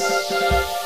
Música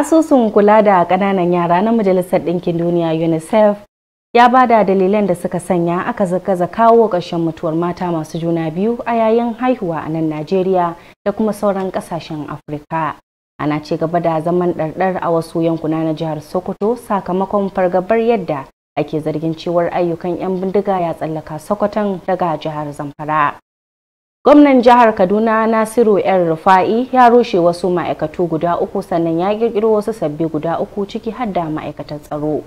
Asusun kula da ƙananan yara na Majalisar Ɗinkin Duniya UNICEF ya ba da dalilan da suka sanya aka zakaza kawo ƙarshen mutuwar mata masu juna biyu a yayin haihuwa a nan Najeriya da kuma sauran ƙasashen Afirka. Ana ce gaba da zaman ɗarɗar a wasu yankuna na jihar Sokoto sakamakon fargabar yadda ake zargin cewar ayyukan 'yan bindiga ya tsallaka Sokoton daga jihar Zamfara. Gwamnan jihar Kaduna Nasiru ‘yan Rufa'i ya rushe wasu ma'aikatu guda uku sannan ya kirkiro wasu sabbi guda uku ciki har da ma'aikatan tsaro.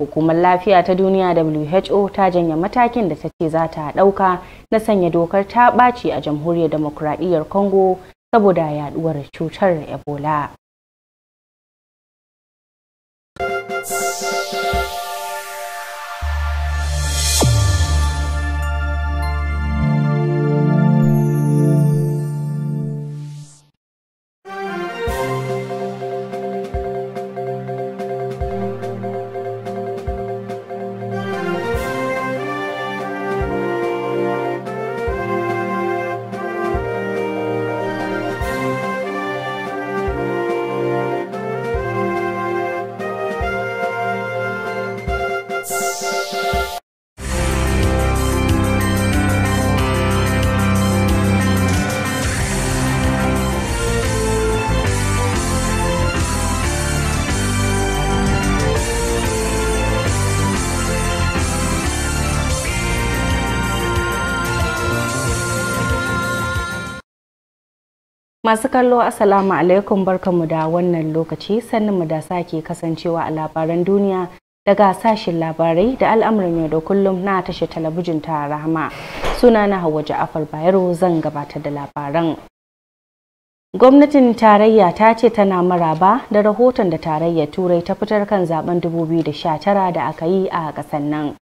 Hukumar lafiya ta duniya WHO ta janye matakin da ta ce za ta ɗauka na sanya dokar ta ɓaci a jamhuriyar demokuraɗiyyar Congo saboda yaɗuwar cutar Ebola. Masu kallo asalamu alaikum barkanmu da wannan lokaci mu da sake kasancewa a labaran duniya daga sashin labarai da al'amuran yau da kullum na tashar talabijin ta rahama. Sunana Hauwa Ja'afar Bayero zan gabata da labaran. Gwamnatin tarayya ta ce tana maraba da rahoton da tarayya Turai ta fitar kan zaben 2019 da aka yi a kasan nan.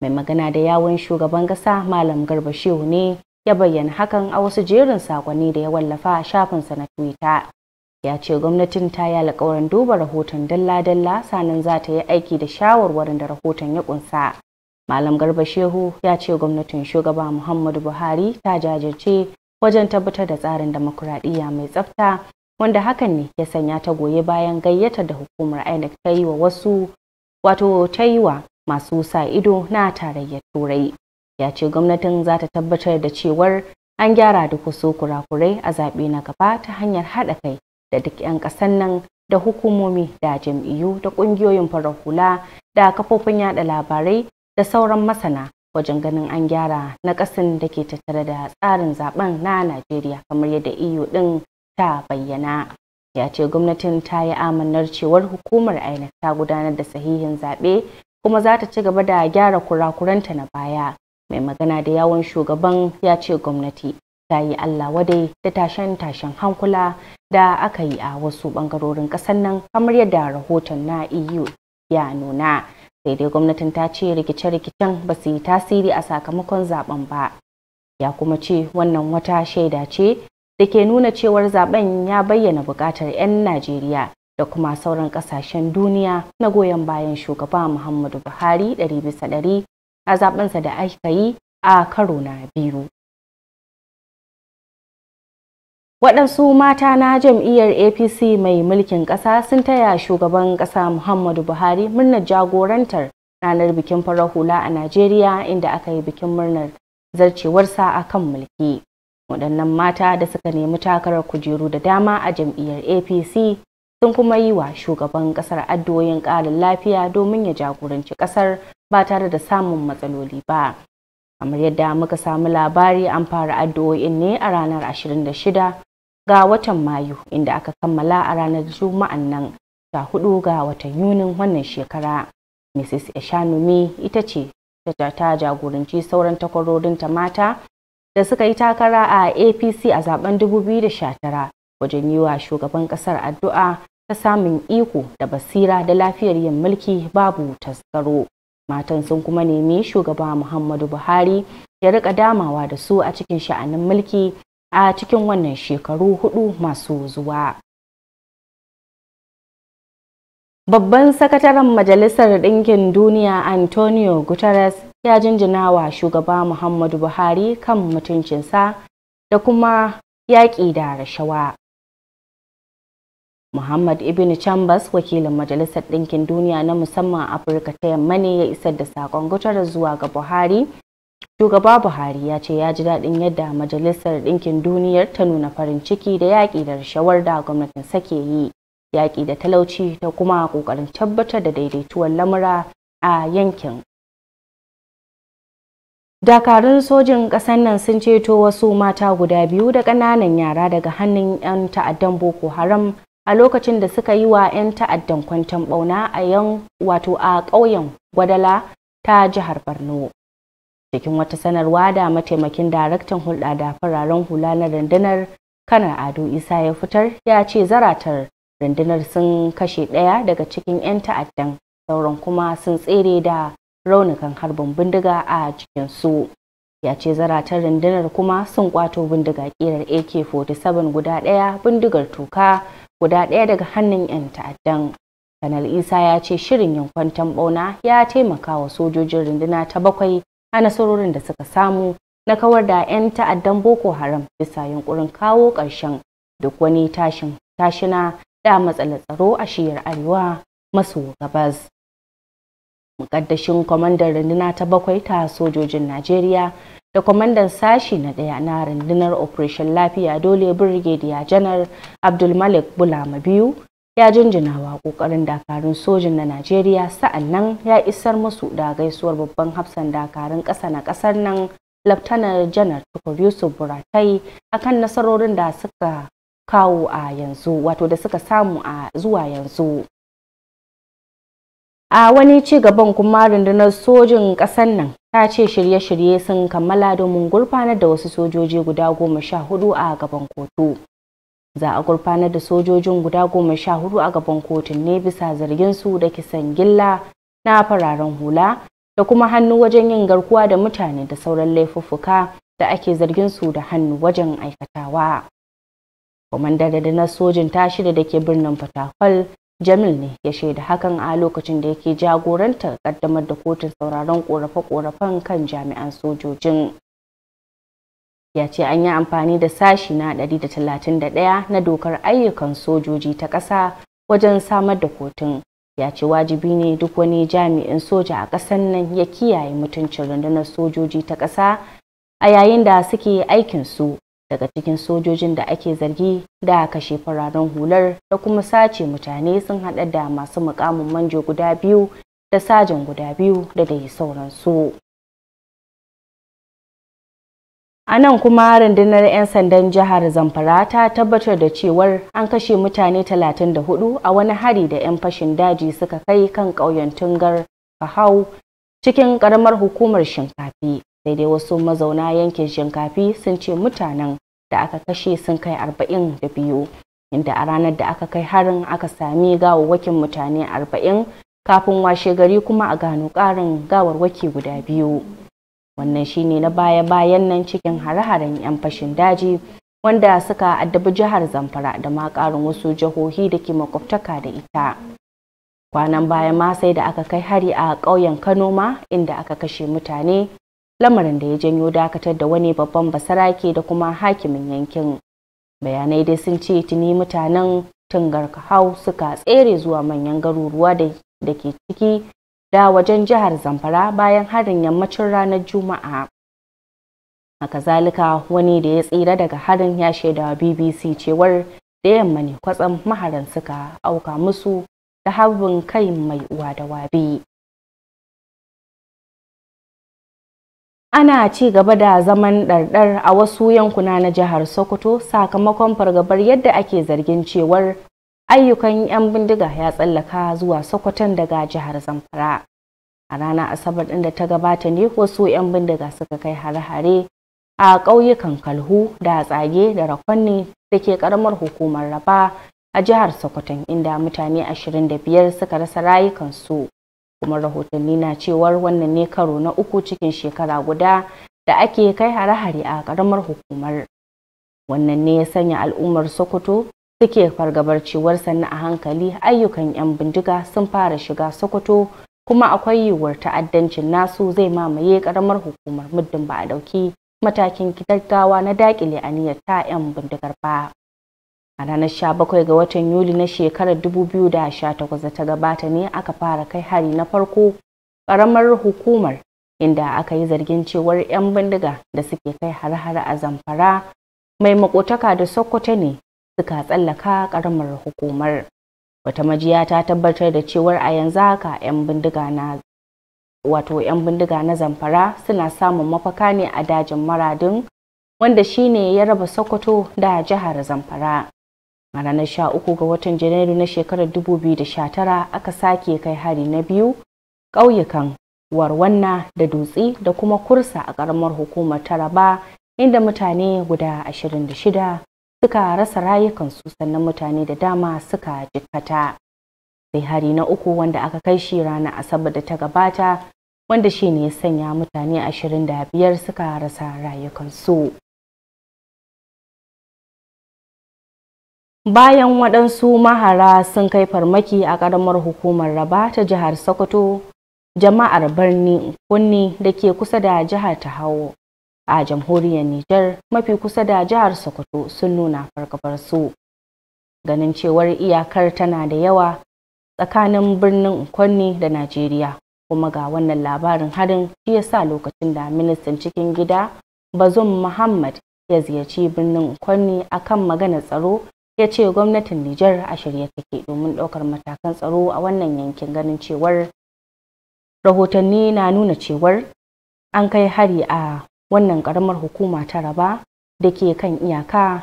Mai magana da yawon shugaban ƙasa Malam Garba Shehu ne ya bayyana hakan a wasu jerin sakonni da ya wallafa a shafinsa na Twitter. Ya ce gwamnatin ta yi alkawarin duba rahoton dalla-dalla sanan za ta yi aiki da shawarwarin da rahoton ya kunsa. Malam Garba Shehu ya ce gwamnatin shugaba Muhammadu Buhari ta jajirce wajen tabbatar da tsarin demokuraɗiyya mai tsafta wanda hakan ne ya sanya ta goyi bayan gayyatar da hukumar INEC ta yi wa wasu wato ta yi wa masu sa ido na tarayyar turai ya ce gwamnatin za ta tabbatar da cewar an gyara da wasu kurakurai a zaɓe na gaba ta hanyar haɗa kai da duk 'yan ƙasan nan da hukumomi da jam'iyyu da ƙungiyoyin farar hula da kafofin yada labarai da sauran masana wajen ganin an gyara na ƙasin da ke tattare da tsarin zaben na Najeriya kamar yadda iyo e ɗin ta bayyana. Ya ce gwamnatin ta yi amanar cewar hukumar INEC ta gudanar da sahihin zaɓe kuma za ta ci gaba da gyara kurakuranta na baya mai magana da yawon shugaban ya ce gwamnati ta yi allah wadai da tashen-tashen hankula da aka yi a wasu bangarorin ƙasar nan kamar yadda rahoton na eu ya nuna sai dai gwamnatin ta ce rikice-rikicen ba su yi tasiri a sakamakon zaben ba ya kuma ce wannan wata shaida ce da ke nuna cewar zaben ya bayyana buƙatar 'yan najeriya da kuma sauran ƙasashen duniya na goyon bayan shugaba Muhammadu Buhari ɗari a zaɓensa da aka yi a karo na biyu. Waɗansu mata na jam'iyyar APC mai mulkin ƙasa sun taya shugaban ƙasa Muhammadu Buhari murnar jagorantar ranar bikin farar hula a Najeriya inda aka yi bikin murnar zarcewarsa a kan mulki. Waɗannan mata da suka nemi takarar kujeru da dama a jam'iyyar APC sun kuma yi wa shugaban ƙasar addu'o'in ƙarin lafiya domin ya jagoranci ƙasar ba tare da samun matsaloli ba kamar yadda muka samu labari an fara addu'o'in ne a ranar 26 ga watan mayu inda aka kammala a ranar juma'an nan ta hudu ga watan yunin wannan shekara mrs eshanumi ita ce ta jagoranci sauran takwarorin ta mata da suka yi takara a apc a zaben 2019 wajen yi wa shugaban kasar addu'a ta samun iko da basira da lafiyar yin mulki babu taskaro matan sun kuma nemi shugaba muhammadu buhari ya rika damawa da su a cikin sha'anin mulki a cikin wannan shekaru hudu masu zuwa babban sakataren majalisar ɗinkin duniya antonio guterres ya jinjina wa shugaba muhammadu buhari kan mutuncinsa da kuma yaƙi da rashawa Muhammad Ibn Chambers wakilin Majalisar Ɗinkin Duniya na musamman Afirka ta yamma ne ya isar da saƙon gutar zuwa ga Buhari. Shugaba Buhari ya ce ya ji daɗin yadda Majalisar Ɗinkin Duniyar ta nuna farin ciki da yaƙi da rashawar da gwamnatin sake yi, yaƙi da talauci ta kuma ƙoƙarin tabbatar da daidaituwar lamura a yankin. Dakarun sojin ƙasar nan sun ceto wasu mata guda biyu da ƙananan yara daga hannun 'yan ta'addan Boko Haram a lokacin da suka yi wa 'yan ta'addan kwanton bauna a yan wato a ƙauyen gwadala ta jihar borno cikin wata sanarwa da mataimakin daraktan hulɗa da fararen hula na rundunar kanar ado isa ya fitar ya ce zaratar rundunar sun kashe ɗaya daga cikin 'yan ta'addan sauran kuma sun tsere da raunukan harbin bindiga a cikinsu ya ce zaratar rundunar kuma sun kwato bindiga ƙirar ak-47 guda ɗaya bindigar toka guda ɗaya daga hannun 'yan ta'addan kanal isa ya ce shirin yankwantan bauna ya taimaka wa sojojin runduna ta bakwai a nasarorin da suka samu na kawar da 'yan ta'addan boko haram bisa yunkurin kawo ƙarshen duk wani tashin tashina da matsalar tsaro a shiyar arewa maso gabas mukaddashin kwamandan runduna ta bakwai ta sojojin najeriya da kwamandan sashi na ɗaya na rundunar operation lafiya dole birgediya janar abdulmalik bulama biyu ya jinjinawa kokarin dakarun sojin na najeriya sa'an nan ya isar musu da gaisuwar babban hafsan dakarun ƙasa na ƙasar nan laftanar janar tukur yusuf buratai akan nasarorin da suka kawo a yanzu wato da suka samu a zuwa yanzu a wani ci gaban kuma rundunar sojin ƙasar nan ta ce shirye-shirye sun kammala domin gurfanar da wasu sojoji guda goma sha hudu a gaban kotu za a gurfanar da sojojin guda goma sha hudu a gaban kotun ne bisa zargin su da kisan gilla na fararen hula da kuma hannu wajen yin garkuwa da mutane da sauran laifuffuka da ake zargin su da hannu wajen aikatawa. Kwamandar da na sojin ta shida da ke birnin Fatakwal Jamil ne ya shaida hakan a lokacin da yake jagorantar kaddamar da kotun sauraron korafe-korafen kan jami'an sojojin. Ya ce an yi amfani da sashi na 131 na dokar ayyukan sojoji ta ƙasa wajen samar da kotun. Ya ce wajibi ne duk wani jami'in soja a ƙasar nan ya kiyaye mutuncin rundunar sojoji ta ƙasa a yayin da suke su. daga cikin sojojin da ake zargi da kashe fararen hular da kuma sace mutane sun haɗa da masu mukamin manjo guda biyu da sajan guda biyu da dai sauransu. A nan kuma rundunar 'yan sandan jihar Zamfara ta tabbatar da cewar an kashe mutane 34 a wani hari da 'yan fashin daji suka kai kan ƙauyen Tungar Fahau cikin ƙaramar hukumar Shinkafi. sai dai wasu mazauna yankin shinkafi sun ce mutanen da aka kashe sun kai arba'in da biyu inda a ranar da aka kai harin aka sami gawawwakin mutane arba'in kafin washe gari kuma a gano karin gawarwaki guda biyu wannan shine na baya-bayan nan cikin hare-haren 'yan fashin daji wanda suka addabi jihar zamfara da ma karin wasu jihohi da ke makwabtaka da ita kwanan baya ma sai da aka kai hari a ƙauyen kano ma inda aka kashe mutane lamarin da ya janyo dakatar da wani babban basarake da kuma hakimin yankin bayanai dai sun ce tuni mutanen tungar kahau suka tsere zuwa manyan garuruwa da ke ciki da wajen jihar zamfara bayan harin yammacin ranar juma'a haka zalika wani da ya tsira daga harin ya shaida bbc cewar da yamma ne kwatsam maharan suka auka musu da harbin kai mai uwa da wabi ana ci gaba da zaman ɗarɗar a wasu yankuna na jihar sokoto sakamakon fargabar yadda ake zargin cewar ayyukan 'yan bindiga ya tsallaka zuwa sokoton daga jihar zamfara a ranar asabar ɗin da ta gabata ne wasu 'yan bindiga suka kai hare-hare a ƙauyukan kalhu da tsage da rakwanni da ke ƙaramar hukumar raba a jihar sokoton inda mutane 25 suka rasa rayukansu kuma rahotanni na cewar wannan ne karo na uku cikin shekara guda da ake kai hare-hare a karamar hukumar wannan ne ya sanya al'ummar sokoto suke fargabar cewar sannu a hankali ayyukan 'yan bindiga sun fara shiga sokoto kuma akwai yiwuwar ta'addancin nasu zai mamaye karamar hukumar muddin ba a dauki matakin gaggawa na dakile aniyar ta 'yan bindigar ba. a ranar 17 ga watan yuli na shekarar 2018 ta gabata ne aka fara kai hari na farko karamar hukumar inda aka yi zargin cewar 'yan bindiga da suke kai har-har a zamfara mai makotaka da sokoto ne suka tsallaka karamar hukumar wata majiya ta tabbatar da cewar a yanzu haka 'yan bindiga na wato 'yan bindiga na zamfara suna samun mafaka ne a dajin maradin wanda shine ya raba sokoto da jihar zamfara a ranar uku ga watan janairu na shekarar 2019 aka sake kai hari na biyu ƙauyukan warwanna da dutse da kuma kursa a ƙaramar hukumar taraba inda mutane guda 26 suka rasa rayukansu sannan mutane da dama suka jikkata sai hari na uku wanda aka kai shi ranar asabar da ta gabata wanda shi ne ya sanya mutane 25 suka rasa rayukansu bayan waɗansu mahara sun kai farmaki a ƙaramar hukumar raba ta jihar sokoto jama'ar birni kunni da ke kusa da jihar hawo a jamhuriyar nijar mafi kusa da jihar sokoto sun nuna fargabar su ganin cewar iyakar tana da yawa tsakanin birnin kwanni da najeriya kuma ga wannan labarin harin shi ya sa lokacin da ministan cikin gida bazum muhammad ya ziyarci birnin kwanni akan maganar tsaro ya ce gwamnatin Nijar a shirye take domin ɗaukar matakan tsaro a wannan yankin ganin cewar rahotanni na nuna cewar an kai hari a wannan karamar hukuma ta raba da ke kan iyaka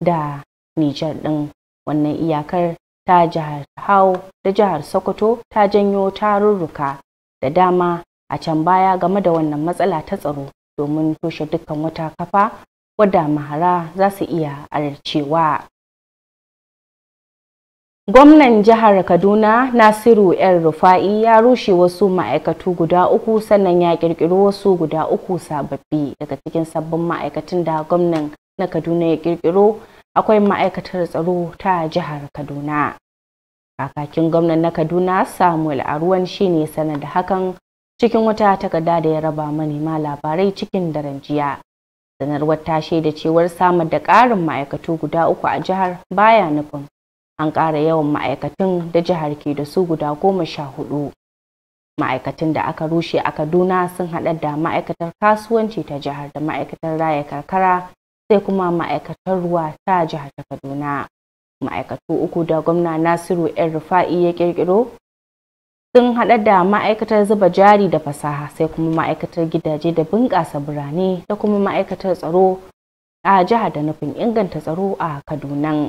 da Nijar ɗin wannan iyakar ta jihar Hau da jihar Sokoto ta janyo tarurruka da dama a can baya game da wannan matsala ta tsaro domin toshe dukkan wata kafa wadda mahara za su iya arcewa. Gwamnan jihar Kaduna Nasiru El Rufa'i ya rushe wasu ma'aikatu guda uku sannan ya kirkiro wasu guda uku sababbi daga cikin sabbin ma'aikatan da gwamnan na Kaduna ya kirkiro akwai ma'aikatar tsaro ta jihar Kaduna. Kakakin gwamnan na Kaduna Samuel Aruwan shine sanar da hakan cikin wata takarda da ya raba manema labarai cikin daren jiya. Sanarwar ta shaida cewar samar da ƙarin ma'aikatu guda uku a jihar baya nufin an ƙara yawan ma'aikatan da jihar ke da su guda goma sha hudu ma'aikatan da aka rushe a kaduna sun haɗa da ma'aikatar kasuwanci ta jihar da ma'aikatar raya karkara sai kuma ma'aikatar ruwa ta jihar ta kaduna ma'aikatu uku da gwamna nasiru yan rufa'i ya ƙirƙiro sun haɗa da ma'aikatar zuba jari da fasaha sai kuma ma'aikatar gidaje da bunƙasa birane da kuma ma'aikatar tsaro a jihar da nufin inganta tsaro a kaduna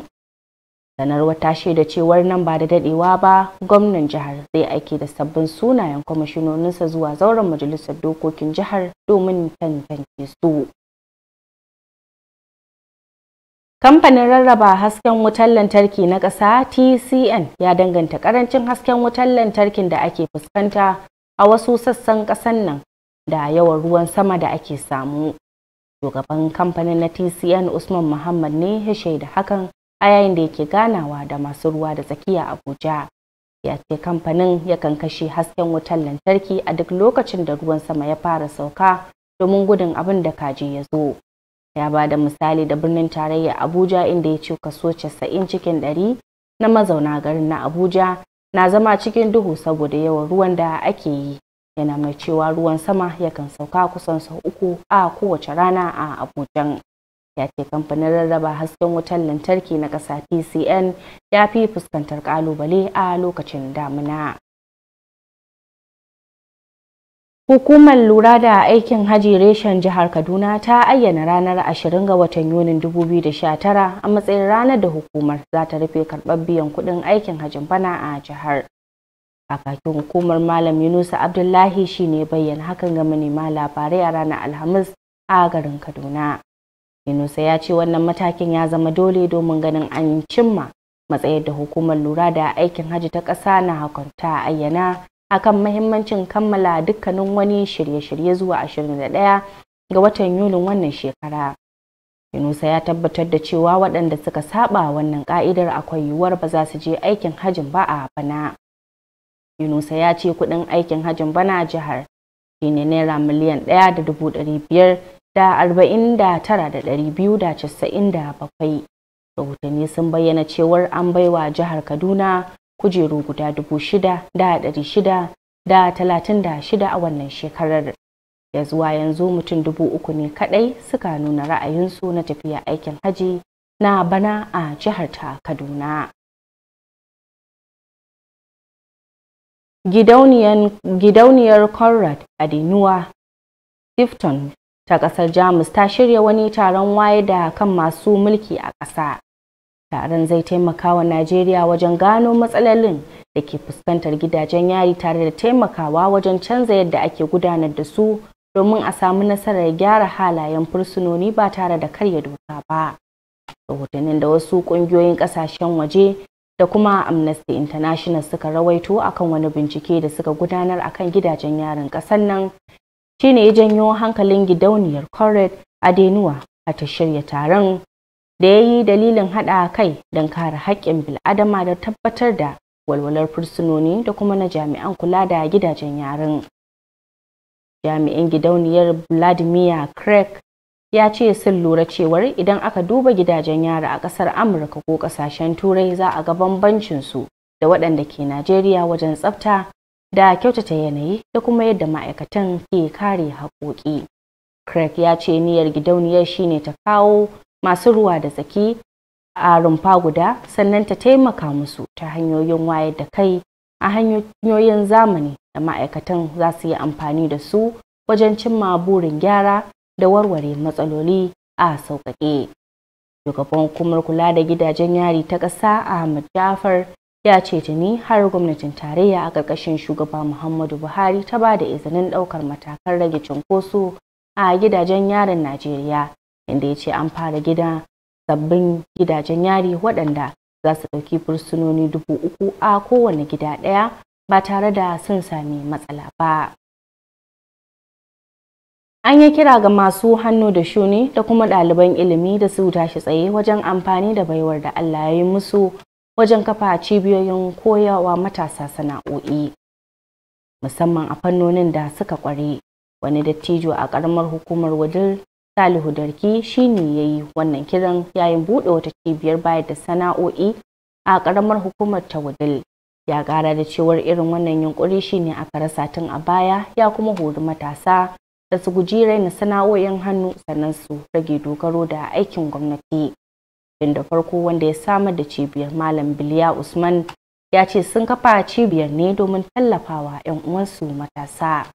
sanarwa ta shaida cewar nan ba da dadewa ba gwamnan jihar zai aiki da sabbin sunayen kwamishinoninsa zuwa zauren majalisar dokokin jihar domin tantance su kamfanin rarraba hasken wutar lantarki na ƙasa tcn ya danganta ƙarancin hasken wutar lantarkin da ake fuskanta a wasu sassan ƙasan nan da yawan ruwan sama da ake samu shugaban kamfanin na tcn usman muhammad ne ya shaida hakan a yayin da yake ganawa da masu ruwa da tsakiya Abuja. Ya ce kamfanin yakan kashe hasken wutar lantarki a duk lokacin da ruwan sama ya fara sauka domin gudun abin da kaji ya zo. Ya ba da misali da birnin tarayya Abuja inda ya ce kaso 90 cikin 100 na mazauna garin na Abuja na zama cikin duhu saboda yawan ruwan da ake yi. yana mai cewa ruwan sama yakan sauka kusan sau uku a kowace rana a abujan ya ce kamfanin rarraba hasken wutar lantarki na ƙasa tcn ya fi fuskantar ƙalubale a lokacin damuna Hukumar lura da aikin haji reshen jihar Kaduna ta ayyana ranar 20 ga watan Yunin 2019 a matsayin ranar da hukumar za ta rufe karɓar biyan kuɗin aikin hajin bana a jihar. Kakakin hukumar Malam Yunusa Abdullahi shi ne bayyana hakan ga manema labarai a ranar Alhamis a garin Kaduna. Inusa ya ce wannan matakin ya zama dole domin ganin an cimma matsayar da hukumar lura da aikin hajji ta ƙasa na hakunta ayyana akan mahimmancin kammala dukkanin wani shirye-shirye zuwa 21 ga watan Yulin wannan shekara. Yunusa ya tabbatar da cewa waɗanda suka saba wannan ka'idar akwai yiwuwar ba za su je aikin hajjin ba a bana. Yunusa ya ce kuɗin aikin hajjin bana jihar shi ne naira miliyan ɗaya da dubu ɗari biyar da arba'in da tara da ɗari biyu da casa'in da bakwai rahotanni sun bayyana cewar an bai wa jihar kaduna kujeru guda dubu shida da ɗari shida da talatin da shida a wannan shekarar ya zuwa yanzu mutum dubu uku ne kadai suka nuna ra'ayinsu na tafiya aikin haji na bana a jihar ta kaduna gidauniyar conrad adenuwa Tifton ta ƙasar Jamus ta shirya wani taron waye da kan masu mulki a ƙasa. Taron zai taimaka wa Najeriya wajen gano matsalolin da ke fuskantar gidajen yari tare da taimakawa wajen canza yadda ake gudanar da su domin a samu nasarar gyara halayen fursunoni ba tare da karya doka ba. Rahotannin da wasu ƙungiyoyin ƙasashen waje da kuma Amnesty International suka rawaito akan wani bincike da suka gudanar akan gidajen yarin ƙasar nan shine ya janyo hankalin gidauniyar Conrad Adenuwa a ta shirya taron da ya yi dalilin haɗa kai don kare haƙƙin bil'adama da tabbatar da walwalar fursunoni da kuma na jami'an kula da gidajen yaren. Jami'in gidauniyar Vladimir Craig ya ce sun lura cewar idan aka duba gidajen yara a ƙasar Amurka ko ƙasashen Turai za a ga bambancin su da waɗanda ke Najeriya wajen tsafta da kyautata yanayi da kuma yadda ma'aikatan ke kare haƙoƙi. Craig ya ce niyyar gidauniyar shine ta kawo masu ruwa da tsaki a rumfa guda sannan ta taimaka musu ta hanyoyin wayar da kai a hanyoyin zamani da ma'aikatan za su yi amfani da su wajen cimma burin gyara da warware matsaloli a sauƙaƙe. Shugaban hukumar kula da gidajen yari ta ƙasa Ahmad Jafar ya ce ni har gwamnatin tarayya a ƙarƙashin shugaba muhammadu buhari ta ba da izinin ɗaukar matakan rage cunkoso a gidajen yarin najeriya inda ya ce an fara gida sabbin gidajen yari waɗanda za su ɗauki fursunoni dubu uku a kowane gida ɗaya ba tare da sun sami matsala ba an yi kira ga masu hannu da shuni da kuma ɗaliban ilimi da su tashi tsaye wajen amfani da baiwar da allah ya yi musu wajen kafa cibiyoyin koyawa matasa sana'o'i musamman a fannonin da suka kware wani dattijo a karamar hukumar wajen salihu darki shine ya yi wannan kiran yayin buɗe wata cibiyar bayar da sana'o'i a karamar hukumar ta wadil ya kara da cewar irin wannan yunkuri shine aka rasa tun a baya ya kuma hori matasa da su guji raina sana'o'in hannu sannan su rage dogaro da aikin gwamnati da farko wanda ya samar da cibiyar malam biliya usman ya ce sun kafa cibiyar ne domin tallafawa 'yan uwansu matasa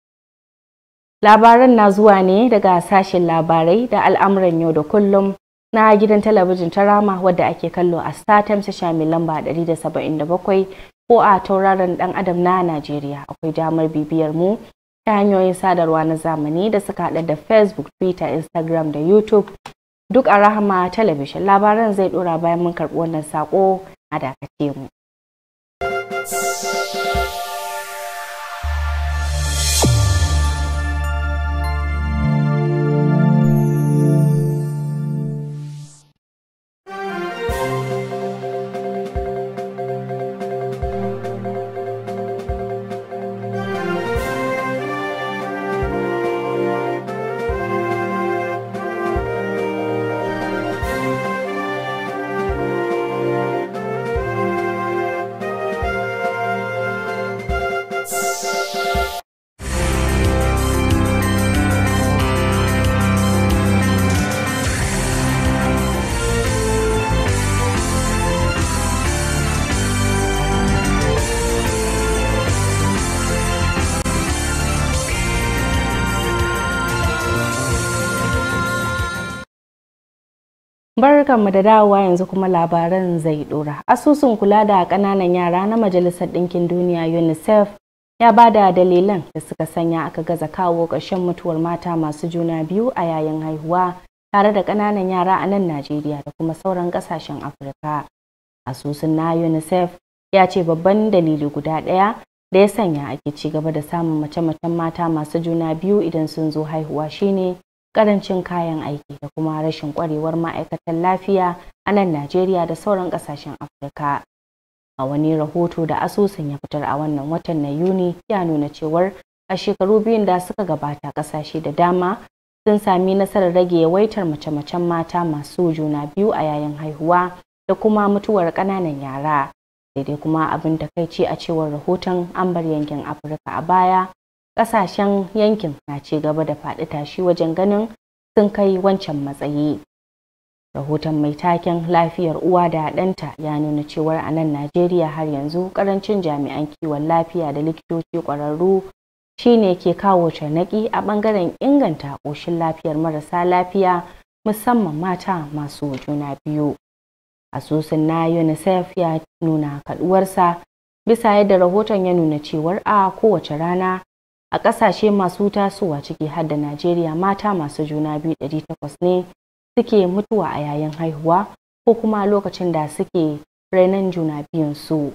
labaran na zuwa ne daga sashen labarai da al'amuran yau da kullum na gidan talabijin ta rama wadda ake kallo a star times sha mai lamba 177 ko a tauraron dan adam na najeriya akwai damar bibiyar mu ta hanyoyin sadarwa na zamani da suka hada da facebook twitter instagram da youtube duk a rahama talabishin labaran zai dora bayan mun karɓi wannan sako a dakace mu. Barkanmu da dawowa yanzu kuma labaran zai dora. Asusun kula da ƙananan yara na Majalisar Ɗinkin Duniya UNICEF ya ba da dalilan da suka sanya aka gaza kawo ƙarshen mutuwar mata masu juna biyu a yayin haihuwa tare da ƙananan yara a nan Najeriya da kuma sauran ƙasashen Afirka. Asusun na UNICEF ya ce babban dalili guda ɗaya da ya sanya ake ci gaba da samun mace-macen mata masu juna biyu idan sun zo haihuwa shine karancin kayan aiki da kuma rashin kwarewar ma'aikatan lafiya a nan Najeriya da sauran kasashen Afirka. A wani rahoto da asusun ya fitar a wannan watan na Yuni ya nuna cewar a shekaru biyun da suka gabata kasashe da dama sun sami nasarar rage yawaitar mace-macen mata masu juna biyu a yayin haihuwa da kuma mutuwar ƙananan yara. Daidai kuma abin takaici a cewar rahoton an bar yankin Afirka a baya kasashen yankin na ci gaba da faɗi tashi wajen ganin sun kai wancan matsayi. Rahoton mai taken lafiyar uwa da ɗanta ya nuna cewar a nan Najeriya har yanzu ƙarancin jami'an kiwon lafiya da likitoci ƙwararru shine ke kawo canaki a ɓangaren inganta ƙoshin lafiyar marasa lafiya musamman mata masu juna biyu. Asusun na UNICEF ya nuna kaɗuwarsa bisa yadda rahoton ya nuna cewar a kowace rana a ƙasashe masu tasowa ciki har da najeriya mata masu juna biyu ɗari takwas ne suke mutuwa a yayin haihuwa ko kuma lokacin da suke rainan juna biyunsu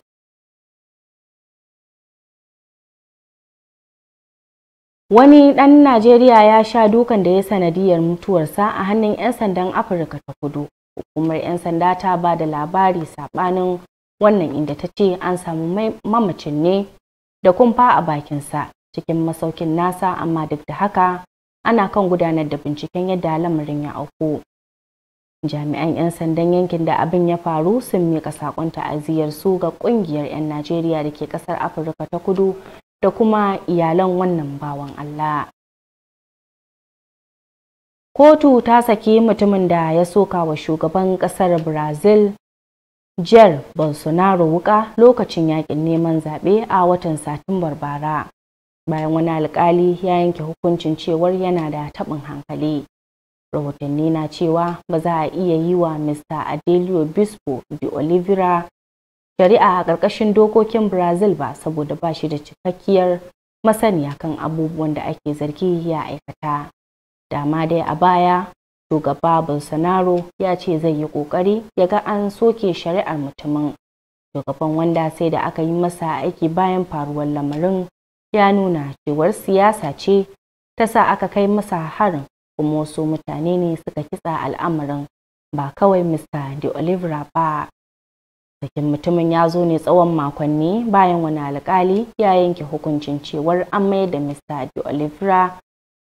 wani ɗan najeriya ya sha dukan da ya sanadiyar mutuwarsa a hannun 'yan sandan afirka ta kudu hukumar 'yan sanda ta ba da labari saɓanin wannan inda ta ce an samu mamacin ne da kumfa a bakinsa cikin masaukin nasa amma duk da haka ana kan gudanar da binciken yadda lamarin ya auku jami'an 'yan sandan yankin da abin ya faru sun miƙa saƙon ta'aziyar su ga ƙungiyar 'yan najeriya da ke ƙasar afirka ta kudu da kuma iyalan wannan bawan allah kotu ta saki mutumin da ya soka wa shugaban ƙasar brazil jair bolsonaro wuka lokacin yakin neman zaɓe a watan satumbar bara bayan wani alkali ya yanke hukuncin cewar yana da taɓin hankali rahotanni na cewa ba za a iya yi wa mr adelio bispo de oliveira shari'a a ƙarƙashin dokokin brazil ba saboda ba shi da cikakkiyar masaniya kan abubuwan da ake zargi ya aikata dama dai a baya shugaba bolsonaro ya ce zai yi ƙoƙari ya ga an soke shari'ar mutumin shugaban wanda sai da aka yi masa aiki bayan faruwar lamarin ya nuna cewar siyasa ce ta sa aka kai masa harin kuma wasu mutane ne suka kitsa al'amarin ba kawai mista De olivera ba. Sakin mutumin ya zo ne tsawon makonni bayan wani alkali ya yanke hukuncin cewar an mai da mista De olivera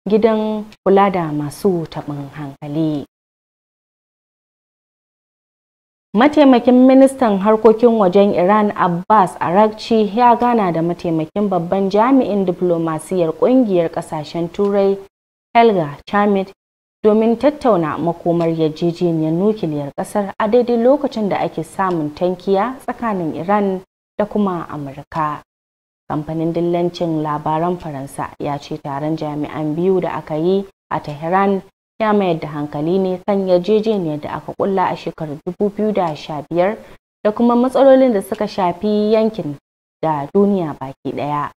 gidan kula da masu taɓin hankali. Mataimakin ministan harkokin wajen Iran Abbas Arakci ya gana da mataimakin babban jami'in diplomasiyar kungiyar kasashen Turai Helga Chamit domin tattauna makomar yarjejeniyar nukiliyar kasar a daidai lokacin da ake samun tankiya tsakanin Iran da kuma Amurka. Kamfanin dillancin labaran Faransa ya ce taron jami'an biyu da aka yi a Tehran ya mayar da hankali ne kan yarjejeniyar da aka kulla a shekarar 2015 da kuma matsalolin da suka shafi yankin da duniya baki daya.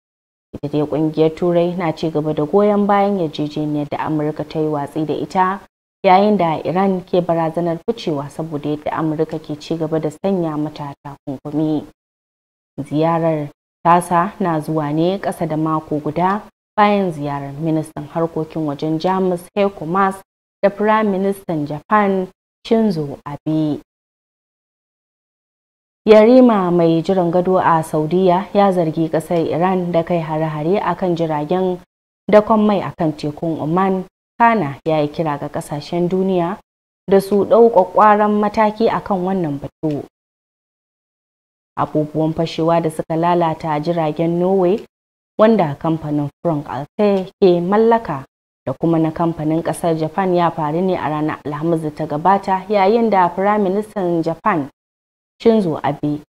Ita dai kungiyar Turai na ci gaba da goyon bayan yarjejeniyar da Amurka ta yi watsi da ita yayin da Iran ke barazanar ficewa saboda yadda Amurka ke ci gaba da sanya mata takunkumi. Ziyarar tasa na zuwa ne ƙasa da mako guda bayan ziyarar ministan harkokin wajen Jamus Heiko Maas da Firaministan Japan Shinzo Abe. Yarima mai jiran gado a Saudiya ya zargi ƙasar Iran da kai hare-hare a kan jiragen dakon mai a kan tekun Oman. Kana ya yi kira ga ƙasashen duniya da su ɗauka ƙwaran mataki kan wannan batu. Abubuwan fashewa da suka lalata jiragen Norway wanda kamfanin Frank Alte ke mallaka da kuma na kamfanin kasar japan ya faru ne a ranar alhamis da ta gabata yayin da firaministan japan shinzo abe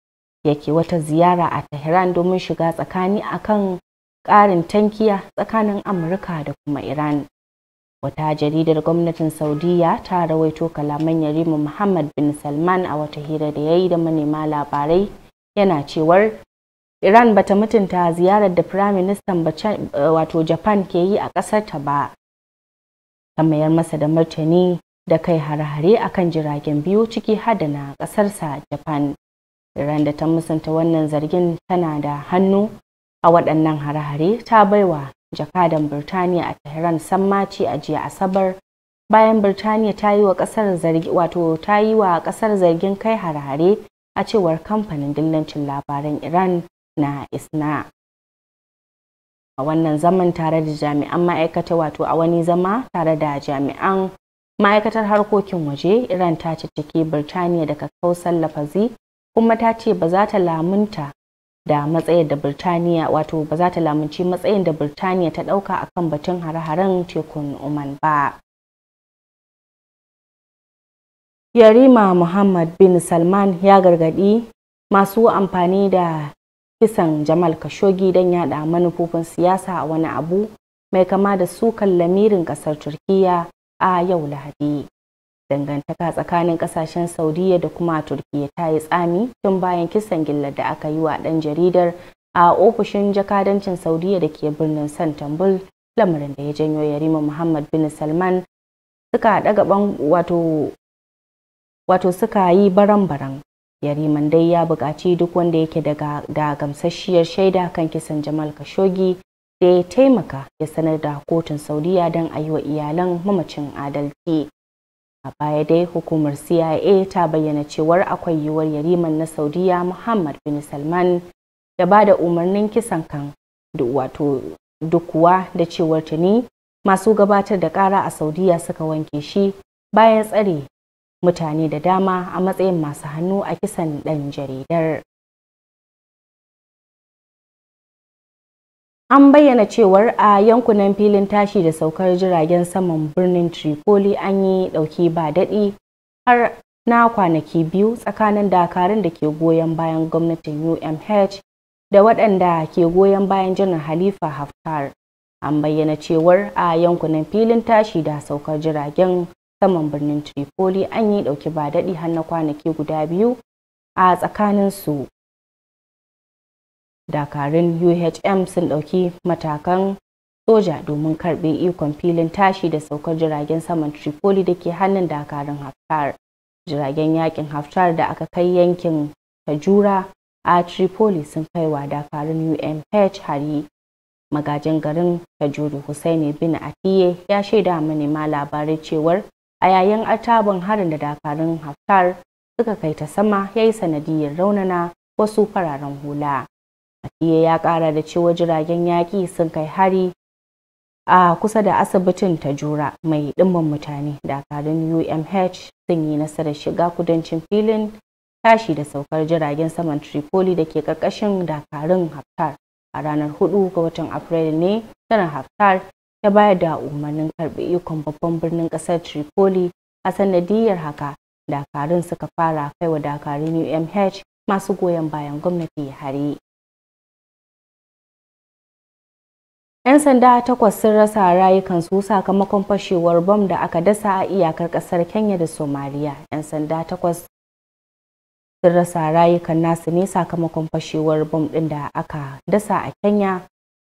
yake wata ziyara a tehran domin shiga tsakani akan karin tankiya tsakanin amurka da kuma iran wata jaridar gwamnatin saudiya ta rawaito kalaman yarima muhammad bin salman a wata hira da ya yi da manema labarai yana cewar iran bata mutunta ziyarar da firaministan wato japan ke yi a ta ba ta mayar masa da martani da kai hare-hare akan jiragen biyu ciki hada na japan iran da ta musanta wannan zargin tana da hannu a waɗannan hare ta baiwa jakadan birtaniya a tehran sammaci a jiya asabar bayan birtaniya ta yi wa kasar zargi wato ta yi wa ƙasar zargin kai hare a cewar kamfanin dillancin labaran iran na isna a wannan zaman tare da jami'an ma'aikata wato a wani zama tare da jami'an ma'aikatar harkokin waje iran ta ciki birtaniya da kausar lafazi kuma ta ce ba za ta lamunta da matsayin da birtaniya wato ba za ta lamunci matsayin da birtaniya ta ɗauka kan batun hare-haren tekun oman ba yarima muhammad bin salman ya gargadi masu amfani da kisan jamal khashoggi don yada manufofin siyasa a wani abu mai kama da sukan lamirin kasar turkiya a yau lahadi dangantaka tsakanin kasashen saudiya da kuma turkiya ta yi tsami tun bayan kisan gillar da aka yi wa ɗan jaridar a ofishin jakadancin saudiya da ke birnin san tambul lamarin da ya janyo yarima muhammad bin salman suka daga wato wato suka yi baran-baran yariman dai ya bukaci duk wanda yake da gamsasshiyar shaida kan kisan jamal kashogi da ya taimaka ya sanar da kotun saudiya don a yi wa iyalan mamacin adalci a baya dai hukumar cia ta bayyana cewar akwai yiwuwar yariman na saudiya muhammad bin salman da ba da umarnin kisan kan wato dukuwa da cewar tuni masu gabatar da kara a saudiya suka wanke shi bayan tsare mutane da dama a matsayin masu hannu a kisan ɗan jaridar. An bayyana cewar a yankunan filin tashi da saukar jiragen saman birnin Tripoli an yi ɗauki ba daɗi har na kwanaki biyu tsakanin dakarun da ke goyon bayan gwamnatin UMH da waɗanda ke goyon bayan janar Halifa Haftar. An bayyana cewar a yankunan filin tashi da saukar jiragen saman birnin Tripoli an yi ɗauki ba daɗi har na kwanaki guda biyu a tsakanin su. Dakarun UHM sun ɗauki matakan soja domin karɓe ikon filin tashi da saukar jiragen saman Tripoli da ke hannun dakarun Haftar. Jiragen yakin Haftar da aka kai yankin Tajura a Tripoli sun kai wa dakarun UMH hari. Magajin garin Tajuru Hussaini bin Atiye ya shaida manema labarai cewar a yayin ataban harin da dakarun Haftar suka kai ta sama ya yi sanadiyar raunana wasu fararen hula. Atiye ya kara da cewa jiragen yaƙi sun kai hari a kusa da asibitin ta jura mai ɗimbin mutane dakarun UMH sun yi nasarar shiga kudancin filin tashi da saukar jiragen saman Tripoli da ke karkashin dakarun Haftar a ranar 4 ga watan Afrilu ne tana Haftar ya bayar da umarnin karɓi ikon babban birnin ƙasar Tripoli a sanadiyar haka dakarun suka fara kai wa dakarun UMH masu goyon bayan gwamnati hari. 'Yan sanda takwas sun rasa rayukan su sakamakon fashewar bom da aka dasa a iyakar kasar Kenya da Somaliya. 'Yan sanda takwas sun rasa rayukan nasu ne sakamakon fashewar bom ɗin da aka dasa a Kenya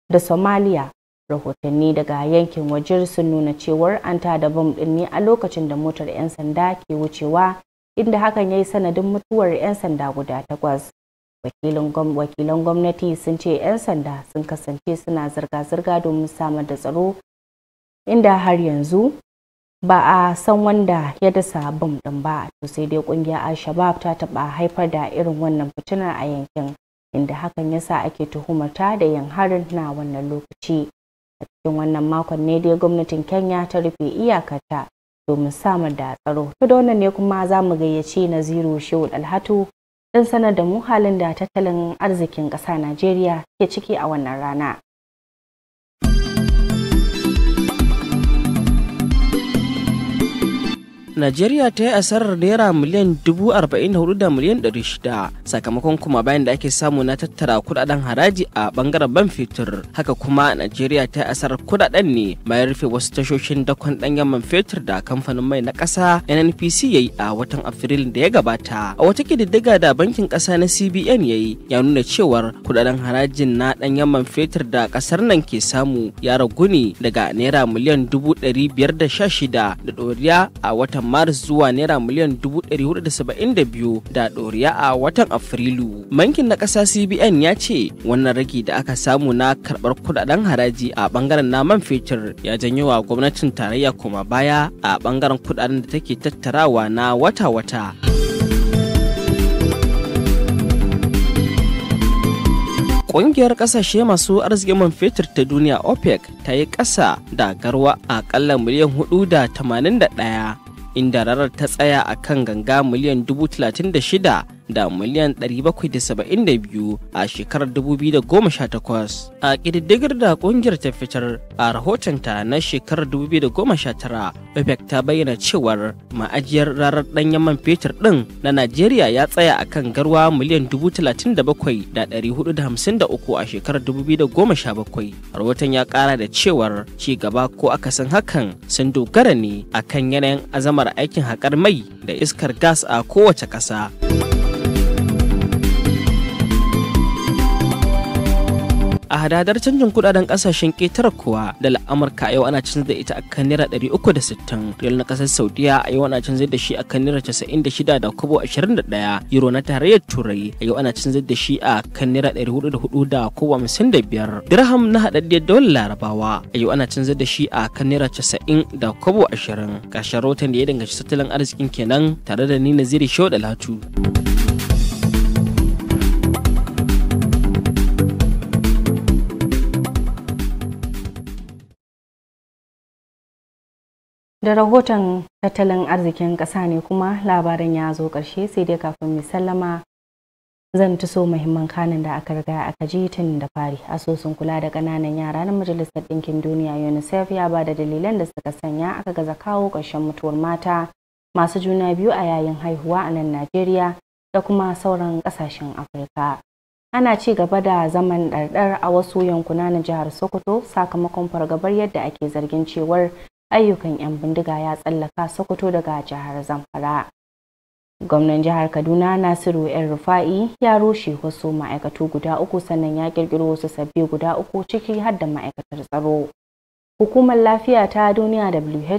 da Somaliya rahotanni daga yankin wajir sun nuna cewar an ta da bom din ne a lokacin da motar 'yan sanda ke wucewa inda hakan ya yi sanadin mutuwar 'yan sanda guda takwas wakilan gwamnati sun ce 'yan sanda sun kasance suna zirga-zirga domin samar da tsaro inda har yanzu ba a san wanda ya dasa bom din ba to sai dai kungiyar al-shabab ta taba haifar da irin wannan fitinar a yankin inda hakan yasa ake ta da yin harin na wannan lokaci a cikin wannan makon ne dai gwamnatin kenya ta rufe iyakata domin samar da tsaro ta da ne kuma za mu gayyaci naziru shehu dalhatu don sanar da mu halin da tattalin arzikin ƙasa najeriya ke ciki a wannan rana Najeriya ta yi asarar naira miliyan dubu arba'in da miliyan ɗari shida sakamakon kuma bayan da ake samu na tattara kudaden haraji a bangaren ban fetur. Haka kuma Najeriya ta yi asarar kudaden ne bayan rufe wasu tashoshin dakon ɗanyen man fetur da kamfanin mai na ƙasa NNPC ya yi a watan Afrilun da ya gabata. A wata ƙididdiga da bankin ƙasa na CBN ya yi ya nuna cewar kudaden harajin na ɗanyen man fetur da ƙasar nan ke samu ya ragu ne daga naira miliyan dubu ɗari biyar da sha da ɗoriya a watan watan maris zuwa naira miliyan 472 da ɗoriya a watan afrilu bankin na ƙasa cbn ya ce wannan ragi da aka samu na karɓar kudaden haraji a ɓangaren naman fetur ya janyo wa gwamnatin tarayya kuma baya a ɓangaren kudaden da take tattarawa na wata-wata. Ƙungiyar ƙasashe masu arzikin man fetur ta duniya OPEC ta yi ƙasa da garwa a ƙalla miliyan 481 inda rarar ta tsaya a kan ganga miliyan dubu talatin da shida. da miliyan 772 a shekarar 2018 a ƙididdigar da ƙungiyar ta fitar a rahotonta na shekarar 2019 opec ta bayyana cewar ma'ajiyar ranar ɗanyen man fetur ɗin na najeriya ya tsaya a kan garwa miliyan 37,453 a shekarar 2017 rahoton ya ƙara da cewar ci gaba ko akasin hakan sun dogara ne a kan yanayin azamar aikin haƙar mai da iskar gas a kowace ƙasa. a hadadar canjin kudaden kasashen ƙetare kuwa da amurka yau ana canza da ita akan naira 360 riyal na kasar saudiya a yau ana canza da shi akan naira 96 da kobo 21 euro na tarayyar turai a yau ana canza da shi a kan naira 404 da kobo 55 dirham na haɗaɗɗiyar dawar larabawa a yau ana canza da shi a kan naira 90 da kobo 20 ƙarshen rahoton da ya danganci tattalin arzikin kenan tare da ni naziri shau da latu. da rahoton tattalin arzikin ƙasa ne kuma labarin ya zo ƙarshe sai dai kafin mai sallama zan so muhimman kanin da aka riga aka ji tun da fari asusun kula da ƙananan yara na majalisar ɗinkin duniya unicef ya ba da dalilan da suka sanya aka gaza kawo ƙarshen mutuwar mata masu juna biyu a yayin haihuwa a nan najeriya da kuma sauran ƙasashen afirka ana ci gaba da zaman ɗarɗar a wasu yankuna na jihar sokoto sakamakon fargabar yadda ake zargin cewar ayyukan 'yan bindiga ya tsallaka sokoto daga jihar zamfara gwamnan jihar kaduna nasiru yan rufa'i ya rushe wasu ma'aikatu guda uku sannan ya kirkiro wasu sabbi guda uku ciki har da ma'aikatar tsaro hukumar lafiya ta duniya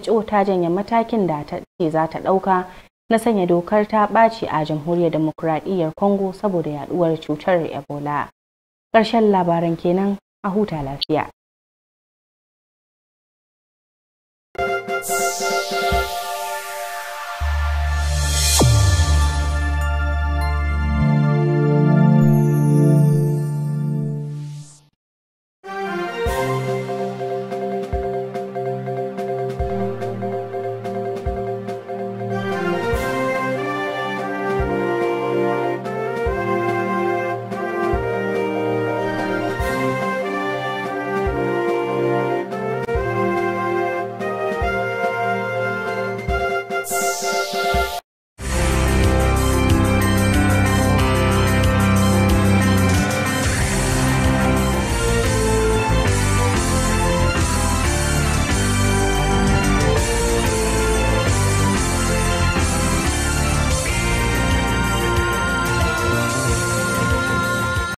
who ta janye matakin da ta ce za ta ɗauka na sanya dokar ta ɓaci a jamhuriyar demokuraɗiyyar congo saboda yaɗuwar cutar ebola ƙarshen labaran kenan a huta lafiya Peace.